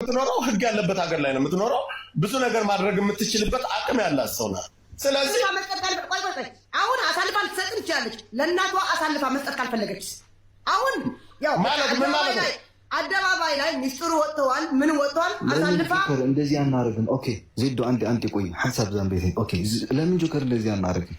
የምትኖረው ህግ ያለበት ሀገር ላይ ነው የምትኖረው። ብዙ ነገር ማድረግ የምትችልበት አቅም ያላት ሰው ናት። ስለዚህ አሁን አሳልፋ ልትሰጥ ትችላለች። ለእናቷ አሳልፋ መስጠት ካልፈለገች አሁን ያው ማለት ምን ማለት ነው? አደባባይ ላይ ሚስጥሩ ወጥተዋል፣ ምን ወጥተዋል። አሳልፋ እንደዚህ አናደርግም። ኦኬ ዜዶ አንድ አንድ ቆይ ሀሳብ ዛንቤት ኦኬ ለምን ጆከር እንደዚህ አናደርግም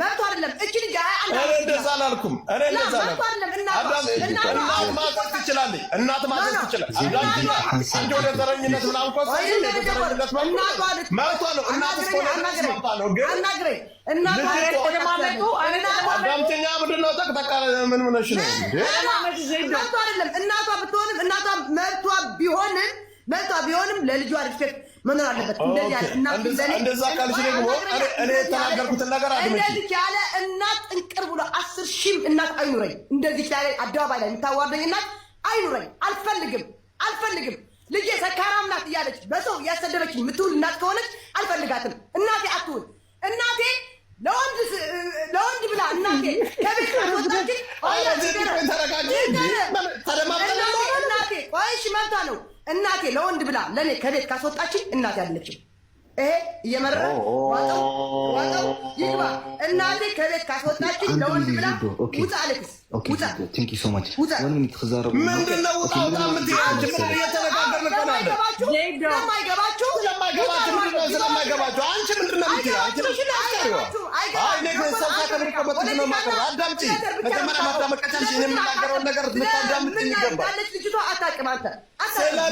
መብቱ አይደለም። እቺ ልጅ እንደዛ አላልኩም። እኔ እንደዛ እናት ማዘዝ ትችላለች። እናት ማዘዝ ትችላለች። ወደ ዘረኝነት ምናምን መብቷ ነው። እናት ነው። ምን ሆነሽ ነው? አይደለም። እናቷ ብትሆንም እናቷ መብቷ ቢሆንም መብቷ ቢሆንም ለልጇ ሪስፔክት መኖር አለበት። እንደዛ ካልሽ ደግሞ የተናገርኩትን ነገር እንደዚህ ያለ እናት ጥንቅር ብሎ አስር ሺህም እናት አይኑረኝ። እንደዚህ ያለ አደባባይ ላይ የምታዋርደኝ እናት አይኑረኝ። አልፈልግም፣ አልፈልግም። ልጄ ሰካራም ናት እያለች በሰው እያሰደበች የምትውል እናት ከሆነች አልፈልጋትም። እናቴ አትሁን እናቴ ለወንድ ብላ ለእኔ ከቤት ካስወጣች እናቴ አይደለችም። ይሄ እየመረረ ይግባ። እናቴ ከቤት ካስወጣች ለወንድ ብላ ውጣ፣ አሌክስ ውጣ። ውጣ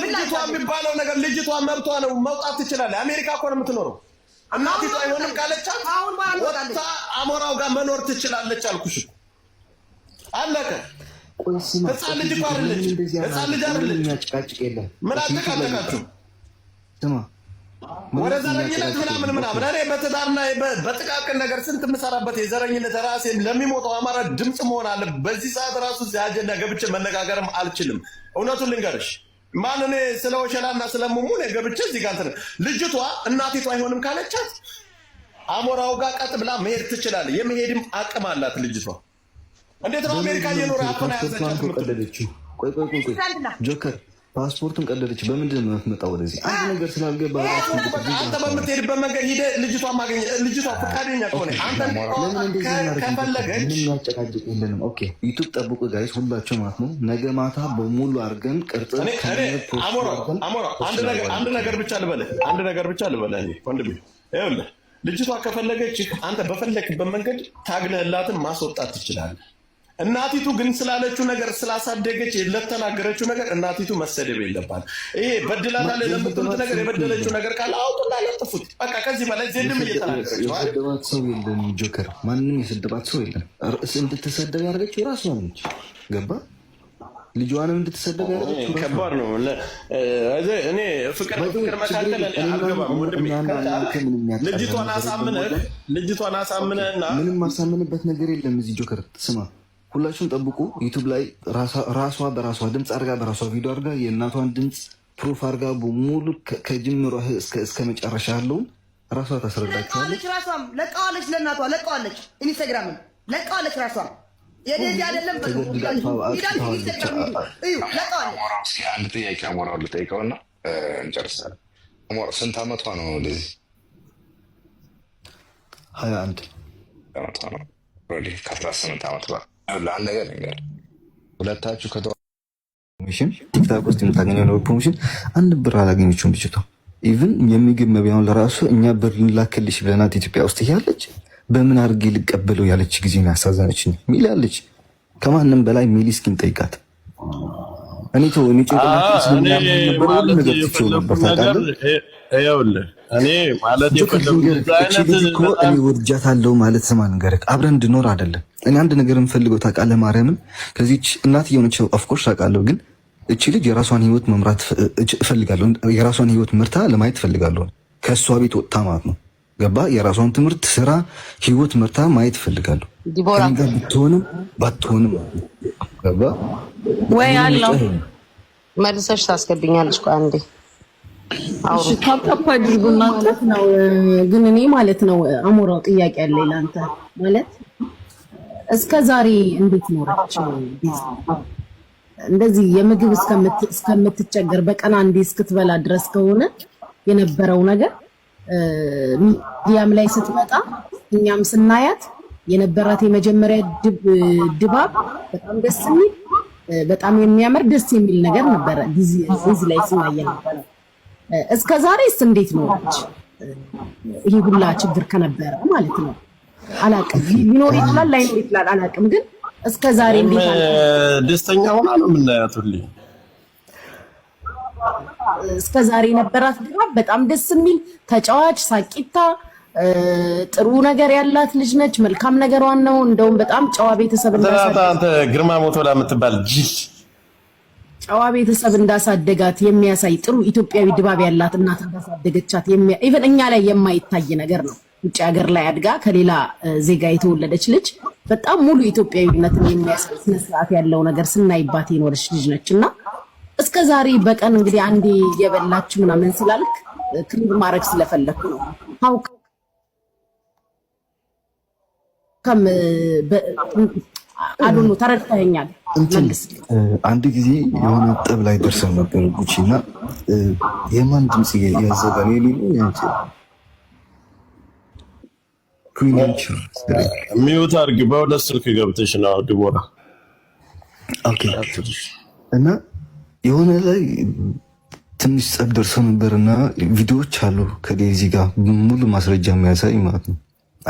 ልጅቷ የሚባለው ነገር ልጅቷ መብቷ ነው፣ መውጣት ትችላለች። አሜሪካ እኮ ነው የምትኖረው። እናቲቷ አይሆንም ካለቻት ወጥታ አሞራው ጋር መኖር ትችላለች። አልኩሽ፣ አለቀ። ህፃን ልጅ እኮ አይደለች፣ ህፃን ልጅ አይደለች። ምን አጠቃጠቃችሁ? ወደ ዘረኝነት ምናምን ምናምን እኔ በትዳርና በጥቃቅን ነገር ስንት የምሰራበት የዘረኝነት ራሴ ለሚሞጣው አማራ ድምፅ መሆን አለ። በዚህ ሰዓት ራሱ እዚህ አጀንዳ ገብቼ መነጋገርም አልችልም። እውነቱን ልንገርሽ ማን እኔ ስለ ወሸላና ስለሙሙ ገብቼ እዚህ ጋር ልጅቷ እናቲቷ አይሆንም ካለቻት አሞራው ጋር ቀጥ ብላ መሄድ ትችላለ የመሄድም አቅም አላት ልጅቷ። እንዴት ነው አሜሪካ እየኖረ አፈና ያዘቻት ጆከር ፓስፖርቱን ቀደደች። በምንድን ነው የምትመጣው ወደዚህ? አንድ ነገር ስላልገባ አንተ በምትሄድበት መንገድ ሂደ ልጅቷ ማገኘ ልጅቷ ፈቃደኛ ከሆነ ያጨቃጭቅ የለንም። ኦኬ ዩቱብ ጠብቁ ጋይስ፣ ሁላቸው ማለት ነው። ነገ ማታ በሙሉ አድርገን ቅርጽ አንድ ነገር ብቻ ልበለ አንድ ነገር ብቻ ልበለ ወንድሜ፣ ይኸውልህ ልጅቷ ከፈለገች አንተ በፈለግበት መንገድ ታግለህላትን ማስወጣት ትችላለህ። እናቲቱ ግን ስላለችው ነገር ስላሳደገች ለተናገረችው ነገር እናቲቱ መሰደብ የለባት። ይሄ በድላታ ላይ ለምትሉት ነገር የበደለችው ነገር ካለ አውጡና ለጥፉት። በቃ ከዚህ በላይ ዜድም እየተናገረችዋልሰደባት ሰው የለም። ጆከር ማንም የሰደባት ሰው የለም። እንድትሰደብ ያደረገችው ራሱ ነች። ገባ ልጇንም እንድትሰደብ ያደረገችው ከባድ ነው። እኔ ፍቅር ፍቅር መካከል አልገባም። ልጅቷን አሳምነህ ልጅቷን አሳምነህና ምንም አሳምንበት ነገር የለም እዚህ ጆከር ስማ ሁላችሁም ጠብቁ። ዩቱብ ላይ ራሷ በራሷ ድምፅ አርጋ በራሷ ቪዲዮ አርጋ የእናቷን ድምፅ ፕሩፍ አርጋ ሙሉ ከጅምሮ እስከ መጨረሻ ያለውን ራሷ ታስረዳችኋለች። ራሷም ለቃዋለች፣ ለእናቷ ለቃዋለች፣ ኢንስታግራምን ለቃዋለች። ራሷ የደዚ አደለም አንድ ጥያቄ አሞራው ልጠይቀውና እንጨርሳለን። ስንት አመቷ ነው ልዚ? ሀያ አንድ አመቷ ነው ከአስራ ስምንት ዓመት በኋላ ለአንድ ነገር ነገር ሁለታችሁ ከሽን ቲክታክ ውስጥ የምታገኘው ፕሮሞሽን አንድ ብር አላገኘችውም ልጅቷ። የምግብ መቢያውን ለራሱ እኛ ብር ላክልሽ ብለናት ኢትዮጵያ ውስጥ እያለች በምን አድርጌ ልቀበለው ያለች ጊዜ ያሳዘነች ሚል ያለች ከማንም በላይ ሚሊ እስኪን ጠይቃት እኔ ተው እኔ ውርጃት አለው ማለት ስማ ልንገርህ፣ አብረን እንድኖር አይደለም። እኔ አንድ ነገር የምፈልገው ታውቃለህ፣ ማርያምን ከዚች እናት የሆነች ኦፍኮርስ ታውቃለህ፣ ግን እቺ ልጅ የራሷን ህይወት መምራት እፈልጋለሁ። የራሷን ህይወት ምርታ ለማየት እፈልጋለሁ። ከእሷ ቤት ወጥታ ማለት ነው። ገባ የራሷን ትምህርት፣ ስራ፣ ህይወት ምርታ ማየት እፈልጋለሁ። ብትሆንም ባትሆንም ወይ አለው መልሰሽ ታስገብኛለች። አንዴ ታፕታፕ አድርጉ ማለት ነው። ግን እኔ ማለት ነው አሞራው ጥያቄ አለ ለአንተ ማለት እስከ ዛሬ እንዴት ኖረች? እንደዚህ የምግብ እስከምትቸገር በቀን አንዴ እስክትበላ ድረስ ከሆነ የነበረው ነገር ሚዲያም ላይ ስትመጣ እኛም ስናያት የነበራት የመጀመሪያ ድባብ በጣም ደስ የሚል በጣም የሚያምር ደስ የሚል ነገር ነበረ። ዲዚ ላይ ስናየ ነበረ። እስከ ዛሬስ እንዴት ኖረች? ይሄ ሁላ ችግር ከነበረ ማለት ነው። አላቅም ሊኖር ይችላል ላይኖር ይችላል አላቅም፣ ግን እስከ ዛሬ እንዴት ደስተኛ ሆና ነው የምናያት ሁሌ እስከ ዛሬ የነበራት ድባብ በጣም ደስ የሚል ተጫዋች ሳቂታ ጥሩ ነገር ያላት ልጅ ነች። መልካም ነገሯን ነው። እንደውም በጣም ጨዋ ቤተሰብ እንዳሳደጋት ግርማ ሞቶላ የምትባል ጅል ጨዋ ቤተሰብ እንዳሳደጋት የሚያሳይ ጥሩ ኢትዮጵያዊ ድባብ ያላት እናት እንዳሳደገቻት ኢቨን እኛ ላይ የማይታይ ነገር ነው። ውጭ ሀገር ላይ አድጋ ከሌላ ዜጋ የተወለደች ልጅ በጣም ሙሉ ኢትዮጵያዊነትን የሚያሳይ ስነስርዓት ያለው ነገር ስናይባት የኖረች ልጅ ነች እና እስከ ዛሬ በቀን እንግዲህ አንዴ የበላችሁ ምናምን ስላልክ ክንድ ማድረግ ስለፈለግኩ ነው አሉ ተረድተኸኛል። አንድ ጊዜ የሆነ ጠብ ላይ ደርሰን ነበር ጉቺ እና የማን ድምፅ ያዘጋል ሚዩት አድርጊ በሁለት ስልክ ገብተሽ ነው ድቦራ እና የሆነ ላይ ትንሽ ጸብ ደርሰው ነበር እና ቪዲዮዎች አሉ ከዴዚ ጋር ሙሉ ማስረጃ የሚያሳይ ማለት ነው።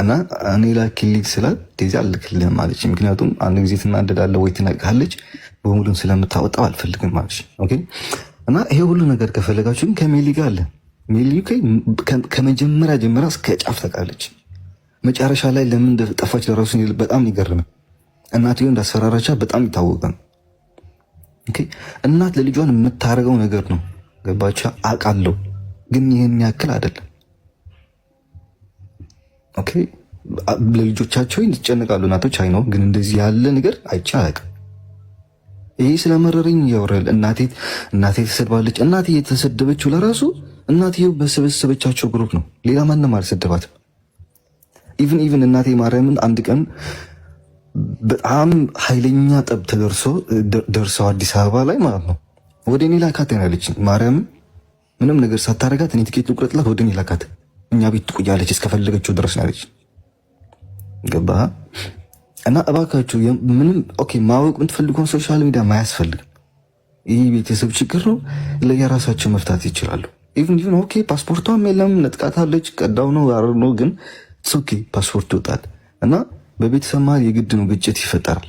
እና እኔ ላኪልኝ ስላት ዴዚ አልክልህም አለች። ምክንያቱም አንድ ጊዜ ትናደዳለህ ወይ ትነቅሃለች፣ በሙሉም ስለምታወጣው አልፈልግም አለች። እና ይሄ ሁሉ ነገር ከፈለጋችሁ ከሜሊ ጋር አለ። ሜሊ ከመጀመሪያ ጀምራ እስከ ጫፍ ተቃለች። መጨረሻ ላይ ለምን ጠፋች ለራሱ በጣም ይገርም። እናትዮ እንዳስፈራራቻ በጣም ይታወቀ ነው። እናት ለልጇን የምታደርገው ነገር ነው። ገባቻ አውቃለሁ፣ ግን ይህን ያክል አይደለም። ኦኬ ለልጆቻቸው ይጨነቃሉ እናቶች። አይ ነው ግን እንደዚህ ያለ ነገር አይቼ አያውቅም። ይሄ ስለመረረኝ እያወራል። እናቴ እናቴ ተሰድባለች። እናቴ የተሰደበችው ለራሱ እናትየው በሰበሰበቻቸው ግሩፕ ነው። ሌላ ማንም አልሰደባትም። ኢቭን ኢቭን እናቴ ማርያምን አንድ ቀን በጣም ኃይለኛ ጠብ ተደርሶ ደርሰው አዲስ አበባ ላይ ማለት ነው ወደ እኔ ላካት ያለች ማርያምን ምንም ነገር ሳታረጋት እኔ ትኬት ቁረጥላት ወደ እኔ ላካት እኛ ቤት ትቆያለች እስከፈለገችው ድረስ ናለች። ገባ እና እባካችሁ ምንም ኦኬ፣ ማወቅ የምትፈልገውን ሶሻል ሚዲያ ማያስፈልግም። ይህ ቤተሰብ ችግር ነው፣ ለየራሳቸው መፍታት ይችላሉ። ኢቭን ኢቭን ኦኬ፣ ፓስፖርቷም የለም ነጥቃታለች፣ ቀዳው ነው ያር ነው፣ ግን ኦኬ ፓስፖርት ይወጣል እና በቤተሰብ መሀል የግድ ነው ግጭት ይፈጠራል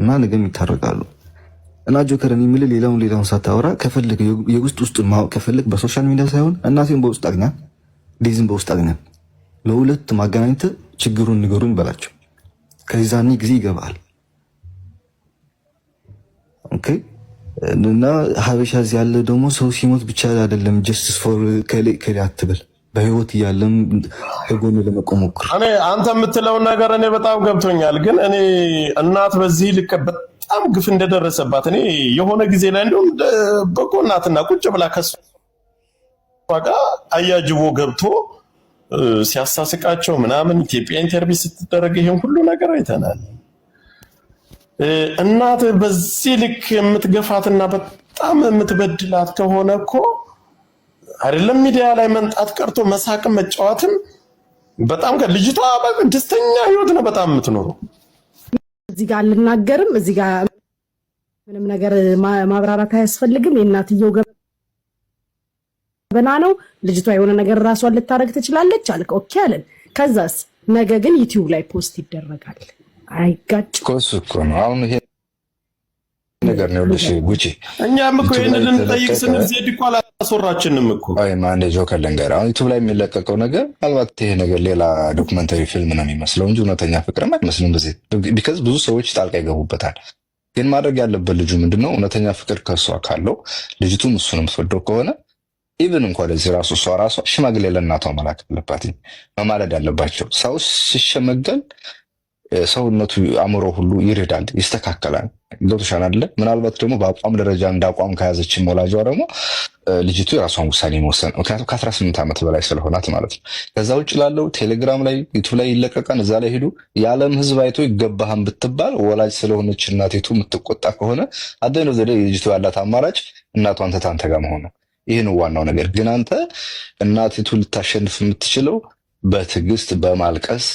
እና ነገም ይታረቃሉ። እና ጆከርን የሚል ሌላውን ሌላውን ሳታወራ ከፈለግ የውስጥ ውስጡን ማወቅ ከፈለግ በሶሻል ሚዲያ ሳይሆን እናቴን በውስጥ አግኛል ሊዝም በውስጥ አግኘን ለሁለት ማገናኝተ ችግሩን ንገሩኝ በላቸው። ከዛኔ ጊዜ ይገባል። እና ሀበሻ እዚህ ያለ ደግሞ ሰው ሲሞት ብቻ አይደለም ጀስትስ ፎር ከሌ ከሌ አትበል። በህይወት እያለም ህጎን ለመቆም ሞክር። እኔ አንተ የምትለውን ነገር እኔ በጣም ገብቶኛል። ግን እኔ እናት በዚህ ልክ በጣም ግፍ እንደደረሰባት እኔ የሆነ ጊዜ ላይ እንዲሁም በጎ እናትና ቁጭ ብላ ከሱ ጋር አያጅቦ ገብቶ ሲያሳስቃቸው ምናምን ኢትዮጵያ ኢንተርቪ ስትደረግ ይሄን ሁሉ ነገር አይተናል። እናት በዚህ ልክ የምትገፋትና በጣም የምትበድላት ከሆነ እኮ አይደለም ሚዲያ ላይ መንጣት ቀርቶ መሳቅም መጫወትም በጣም ልጅቷ ደስተኛ ህይወት ነው በጣም የምትኖረው። እዚህ ጋር አልናገርም። እዚህ ጋር ምንም ነገር ማብራራት አያስፈልግም። የእናትየው ገ በና ነው ልጅቷ የሆነ ነገር ራሷን ልታደረግ ትችላለች። አልክ ኦኬ አለን። ከዛስ ነገ ግን ዩቲዩብ ላይ ፖስት ይደረጋል። አይጋጭ ኮስ እኮ ነው አሁን ይሄ ነገር ነው። ልሽ ጉቺ እኛም እኮ ይህን ልንጠይቅ ስንል ዜድ እኮ አላስወራችንም እኮ አንድ ጆከር ልንገር። አሁን ዩቱብ ላይ የሚለቀቀው ነገር ምናልባት ይሄ ነገር ሌላ ዶክመንተሪ ፊልም ነው የሚመስለው እንጂ እውነተኛ ፍቅርም አይመስልም። በዚህ ቢከዝ ብዙ ሰዎች ጣልቃ ይገቡበታል። ግን ማድረግ ያለበት ልጁ ምንድነው እውነተኛ ፍቅር ከእሷ ካለው ልጅቱም እሱ ነው ከሆነ ኢቨን እንኳን ለዚህ ራሱ እሷ ራሷ ሽማግሌ ለእናቷ መላክ አለባት፣ መማለድ አለባቸው። ሰው ሲሸመገል ሰውነቱ አእምሮ ሁሉ ይርዳል፣ ይስተካከላል። ገብቶሻል አይደለ? ምናልባት ደግሞ በአቋም ደረጃ እንደ አቋም ከያዘችን ወላጇ ደግሞ ልጅቱ የራሷን ውሳኔ መወሰን ምክንያቱም ከአስራ ስምንት ዓመት በላይ ስለሆናት ማለት ነው። ከዛ ውጭ ላለው ቴሌግራም ላይ ዩቱብ ላይ ይለቀቃን፣ እዛ ላይ ሄዱ የዓለም ሕዝብ አይቶ ይገባህን ብትባል ወላጅ ስለሆነች እናቴቱ የምትቆጣ ከሆነ አደነ ዘደ ልጅቱ ያላት አማራጭ እናቷን ተታንተጋ መሆን ነው። ይህ ነው ዋናው ነገር። ግን አንተ እናቲቱ ልታሸንፍ የምትችለው በትዕግስት፣ በማልቀስ፣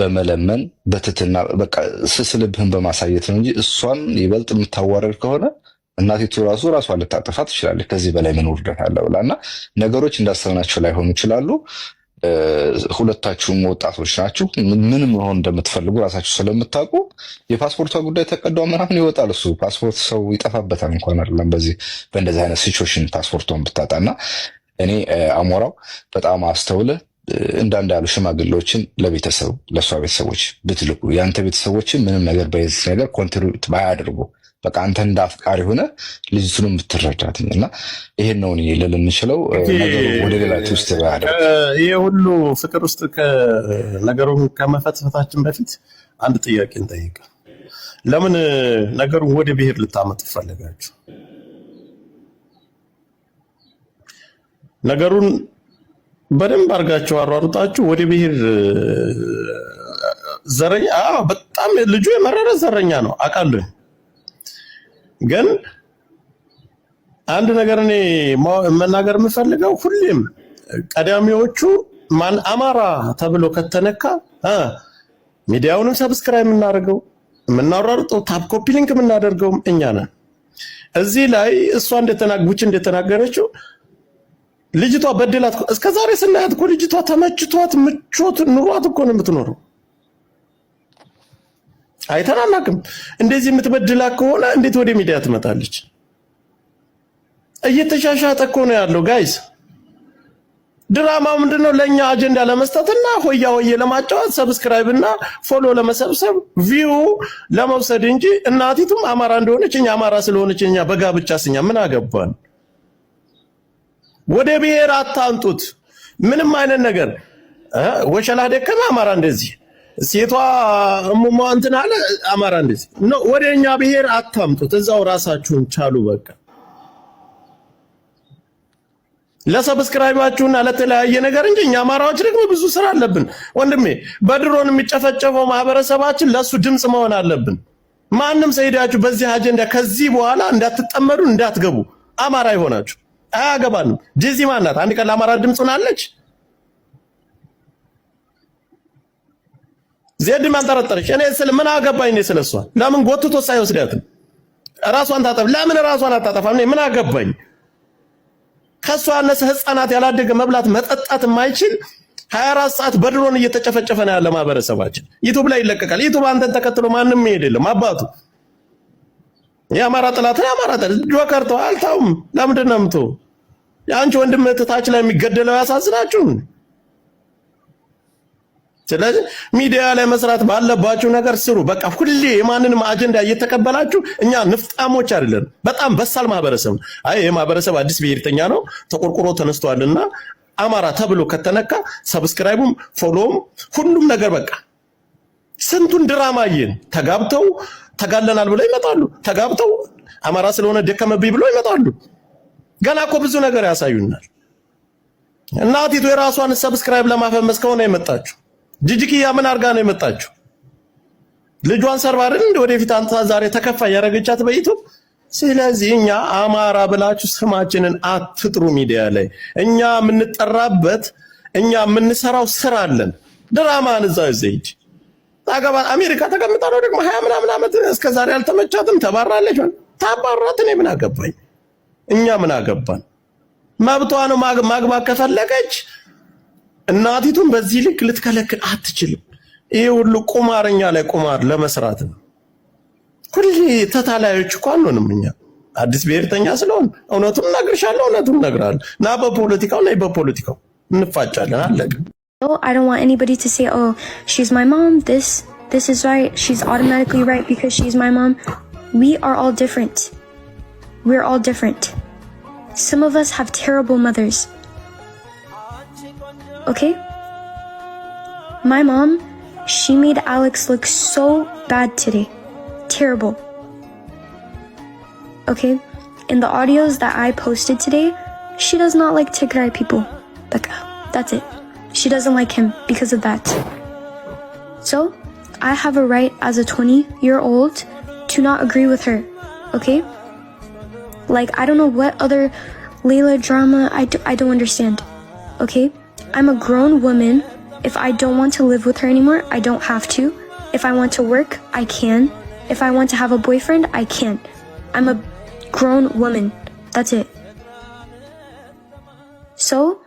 በመለመን፣ በትትና በቃ ስስ ልብህን በማሳየት ነው እንጂ እሷን ይበልጥ የምታዋረድ ከሆነ እናቲቱ ራሱ ራሷን ልታጠፋ ትችላለች። ከዚህ በላይ ምን ውርደት አለ ብላ እና ነገሮች እንዳሰብናቸው ላይሆኑ ይችላሉ። ሁለታችሁም ወጣቶች ናችሁ። ምን መሆን እንደምትፈልጉ ራሳችሁ ስለምታውቁ የፓስፖርቷ ጉዳይ ተቀዷ ምናምን ይወጣል። እሱ ፓስፖርት ሰው ይጠፋበታል እንኳን አይደለም በዚህ በእንደዚህ አይነት ሲቹዌሽን ፓስፖርቷን ብታጣና እኔ አሞራው በጣም አስተውለ እንዳንድ ያሉ ሽማግሌዎችን ለቤተሰቡ ለእሷ ቤተሰቦች ብትልኩ የአንተ ቤተሰቦችን ምንም ነገር በዚህ ነገር ኮንትሪቢዩት ባያደርጉ በቃ አንተ እንደ አፍቃሪ ሆነ ልጅቱን የምትረዳት እና ይሄን ነው ልል የምችለው። ወደ ሌላ ውስጥ ይሄ ሁሉ ፍቅር ውስጥ ነገሩን ከመፈትፈታችን በፊት አንድ ጥያቄ እንጠይቅ። ለምን ነገሩን ወደ ብሄር ልታመጡ ፈለጋችሁ? ነገሩን በደንብ አድርጋችሁ አሯሩጣችሁ ወደ ብሄር ዘረኛ፣ በጣም ልጁ የመረረ ዘረኛ ነው አውቃለሁ። ግን አንድ ነገር እኔ መናገር የምፈልገው ሁሌም ቀዳሚዎቹ ማን አማራ ተብሎ ከተነካ ሚዲያውንም ሰብስክራይብ የምናደርገው የምናወራርጠው ታፕ ኮፒ ሊንክ የምናደርገውም እኛ ነን። እዚህ ላይ እሷ እንደተናግቡች እንደተናገረችው ልጅቷ በድላት እስከዛሬ ስናያት እኮ ልጅቷ ተመችቷት ምቾት ኑሯት እኮ ነው የምትኖረው። አይተናናቅም። እንደዚህ የምትበድላት ከሆነ እንዴት ወደ ሚዲያ ትመጣለች? እየተሻሻጠ እኮ ነው ያለው ጋይስ። ድራማው ምንድነው? ለእኛ አጀንዳ ለመስጠት እና ሆያ ሆየ ለማጫወት ሰብስክራይብ እና ፎሎ ለመሰብሰብ ቪው ለመውሰድ እንጂ እናቲቱም አማራ እንደሆነች እኛ አማራ ስለሆነች እኛ በጋብቻ ስኛ ምን አገባን? ወደ ብሔር አታንጡት። ምንም አይነት ነገር። ወሸላ ደከመ አማራ እንደዚህ ሴቷ እሙማ እንትን አለ አማራ እንደዚህ ነው። ወደ እኛ ብሔር አታምጡት። እዛው ራሳችሁን ቻሉ። በቃ ለሰብስክራይባችሁና ለተለያየ ነገር እንጂ እኛ አማራዎች ደግሞ ብዙ ስራ አለብን ወንድሜ። በድሮን የሚጨፈጨፈው ማህበረሰባችን ለሱ ድምፅ መሆን አለብን። ማንም ሰሄዳችሁ በዚህ አጀንዳ ከዚህ በኋላ እንዳትጠመዱ እንዳትገቡ። አማራ የሆናችሁ አያገባንም። ዲዚ ማናት? አንድ ቀን ለአማራ ድምፅ ሆናለች። ዜድ ማን ጠረጠረች? እኔ ስለ ምን አገባኝ? እኔ ስለሷ ለምን ጎትቶ ሳይወስዳትም ራሷን ታጠብ። ለምን ራሷን አታጠፋም? እኔ ምን አገባኝ? ከሷ ያነሰ ህፃናት ያላደገ መብላት መጠጣት የማይችል 24 ሰዓት በድሮን እየተጨፈጨፈ ነው ያለ ማህበረሰባችን። ዩቲዩብ ላይ ይለቀቃል። ዩቲዩብ አንተን ተከትሎ ማንም ይሄድ የለም አባቱ የአማራ ጥላት ነው። የአማራ ጥላት ጆከር አልታውም። ለምንድን ነው የምትው? የአንቺ ወንድም ታች ላይ የሚገደለው ያሳዝናችሁን። ስለዚህ ሚዲያ ላይ መስራት ባለባችሁ ነገር ስሩ። በቃ ሁሌ የማንንም አጀንዳ እየተቀበላችሁ እኛ ንፍጣሞች አይደለን። በጣም በሳል ማህበረሰብ ነው። አይ የማህበረሰብ አዲስ ብሔርተኛ ነው ተቆርቁሮ ተነስቷልና አማራ ተብሎ ከተነካ ሰብስክራይቡም ፎሎውም ሁሉም ነገር በቃ ስንቱን ድራማ ይን ተጋብተው ተጋለናል ብለው ይመጣሉ። ተጋብተው አማራ ስለሆነ ደከመብኝ ብለው ይመጣሉ። ገና እኮ ብዙ ነገር ያሳዩናል። እናቲቱ የራሷን ሰብስክራይብ ለማፈመስ ከሆነ የመጣችሁ ጅጅክያ ምን አድርጋ ነው የመጣችው? ልጇን ሰርባርን ወደፊት አንተ ዛሬ ተከፋ ያረገቻት በይቱ። ስለዚህ እኛ አማራ ብላችሁ ስማችንን አትጥሩ ሚዲያ ላይ። እኛ የምንጠራበት እኛ የምንሰራው ስራ አለን። ድራማን እዛው ዘይጅ ታገባ አሜሪካ ተቀምጣ ነው ደግሞ ሀያ ምናምን ዓመት እስከ ዛሬ አልተመቻትም። ተባራለች ታባራት። እኔ ምን አገባኝ? እኛ ምን አገባን? መብቷ ነው። ማግባት ከፈለገች እናቲቱን በዚህ ልክ ልትከለክል አትችልም። ይሄ ሁሉ ቁማርኛ ላይ ቁማር ለመስራት ነው። ሁሌ ተታላዮች እኮ አንሆንም እኛ አዲስ ብሔርተኛ ስለሆን እውነቱን እነግርሻለሁ፣ እውነቱን እነግርሃለሁ። ና በፖለቲካው ና በፖለቲካው እንፋጫለን፣ አለቀ። ስም ኦፍ አስ okay? My mom, she made Alex look so bad today. Terrible. Okay? In the audios that I posted today, she does not like Tigray people. Becca, that's it. She doesn't like him because of that. So, I have a right as a 20 year old to not agree with her, okay? Like, I don't know what other Layla drama I do, I don't understand, okay? I'm a grown woman. If I don't want to live with her anymore, I don't have to. If I want to work, I can. If I want to have a boyfriend, I can. I'm a grown woman. That's it. So,